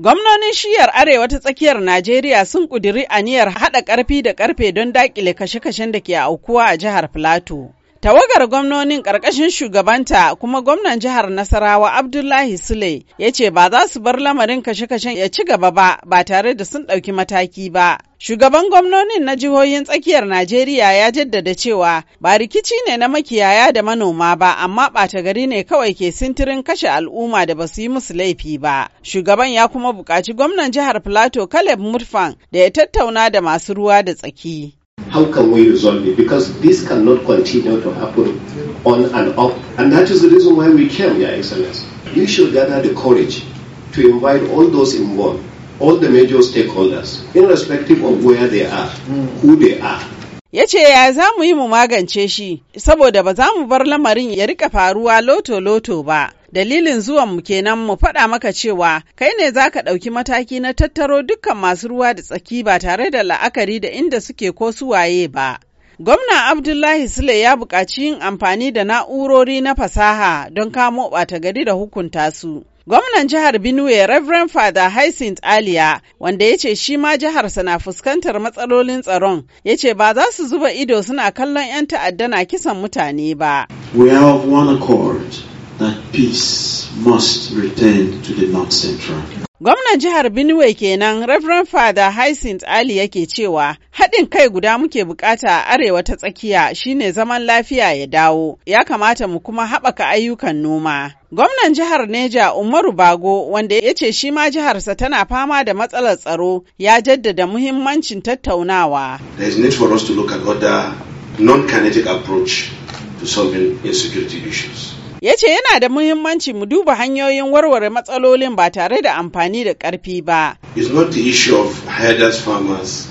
Gwamnonin shiyar Arewa ta tsakiyar Najeriya sun ƙudiri aniyar haɗa ƙarfi da ƙarfe don daƙile kashe-kashen da ke aukuwa a jihar Filato. Tawagar gwamnonin ƙarƙashin shugabanta kuma gwamnan jihar Nasarawa Abdullahi Sule ya ce ba za su bar lamarin kashe-kashen ya ci gaba ba ba tare da sun ɗauki mataki ba. Shugaban gwamnonin na jihohin tsakiyar Najeriya ya jaddada cewa ba rikici ne na makiyaya da manoma ba amma ɓata gari ne kawai ke sintirin kashe al'umma da basu yi musu laifi ba. Shugaban ya kuma buƙaci gwamnan jihar Plateau Caleb Mutfan da ya tattauna da masu ruwa da tsaki. how can we resolve it? Because this cannot continue to happen on and off. And that is the reason why we came, Your Excellency. You should gather the courage to invite all those involved, all the major stakeholders, irrespective of where they are, who they are. Ya ce ya za mu yi mu magance shi, saboda ba za mu bar lamarin ya rika faruwa loto-loto ba. Dalilin zuwan mu kenan mu faɗa maka cewa kai ne za ka ɗauki mataki na tattaro dukkan masu ruwa da tsaki ba tare da la'akari da inda suke ko su waye ba. Gwamna Abdullahi Sule ya buƙaci yin amfani da na'urori na fasaha don kamo ɓata gari da hukunta su. Gwamnan jihar Benue Reverend Father Hyacinth Aliya wanda ya ce shi ma jiharsa na fuskantar matsalolin tsaron ya ce ba za su zuba ido suna kallon 'yan ta'adda na kisan mutane ba. We have one accord that peace must return to the North Central. Gwamnan jihar Benue kenan Reverend Father Hyacinth Ali yake cewa haɗin kai guda muke bukata a arewa ta tsakiya shine zaman lafiya ya dawo, ya kamata mu kuma haɓaka ayyukan noma. Gwamnan jihar Neja Umaru Bago wanda ya ce shi ma jiharsa tana fama da matsalar tsaro ya jaddada muhimmancin tattaunawa. There is need for us to look at other non-kinetic approach to solving insecurity issues. Ya ce yana da muhimmanci mu duba hanyoyin warware matsalolin ba tare da amfani da ƙarfi ba. It's not the issue of herders farmers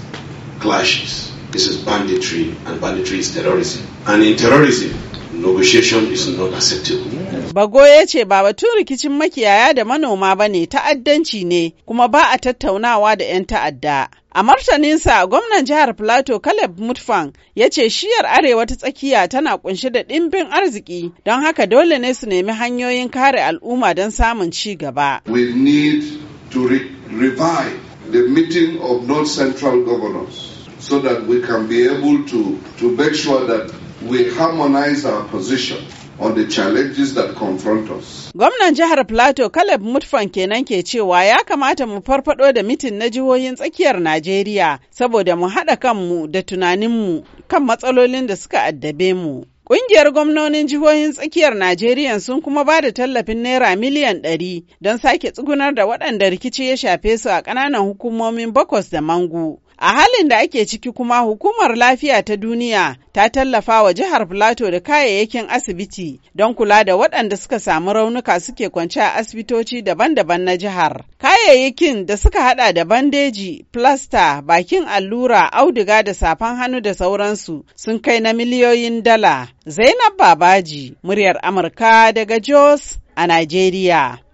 clashes. This is banditry and banditry is terrorism. And in terrorism, negotiation is not acceptable. Bago ya ce ba batun rikicin makiyaya da manoma ba ne ta'addanci ne kuma ba a tattaunawa da 'yan ta'adda. A martaninsa gwamnan jihar Plateau Caleb Mutfang ya ce shiyar arewa ta tsakiya tana kunshe da ɗimbin arziki don haka dole ne su nemi hanyoyin kare al'umma don samun ci gaba. We need to re revive the meeting of non Central Governors so that we can be able to, to make sure that we harmonize our position on the challenges that confront us. Gwamnan jihar Plateau Caleb Mutfan kenan ke cewa ya kamata mu farfado da mitin na jihohin tsakiyar Najeriya saboda mu haɗa kanmu da tunaninmu kan matsalolin da suka addabe mu. Ƙungiyar gwamnonin jihohin tsakiyar Najeriya sun kuma ba da tallafin Naira miliyan ɗari don sake tsugunar da waɗanda rikici ya shafe su a ƙananan hukumomin bakwas da mangu. A halin da ake ciki kuma hukumar lafiya ta duniya ta tallafa wa jihar Filato da kayayyakin asibiti don kula da waɗanda suka samu raunuka suke kwance a asibitoci daban-daban na jihar. Kayayyakin da suka hada da bandeji, plasta, bakin allura, auduga da safan hannu da sauransu sun kai na miliyoyin dala. Zainab Babaji, muryar Amurka daga Jos a Najeriya.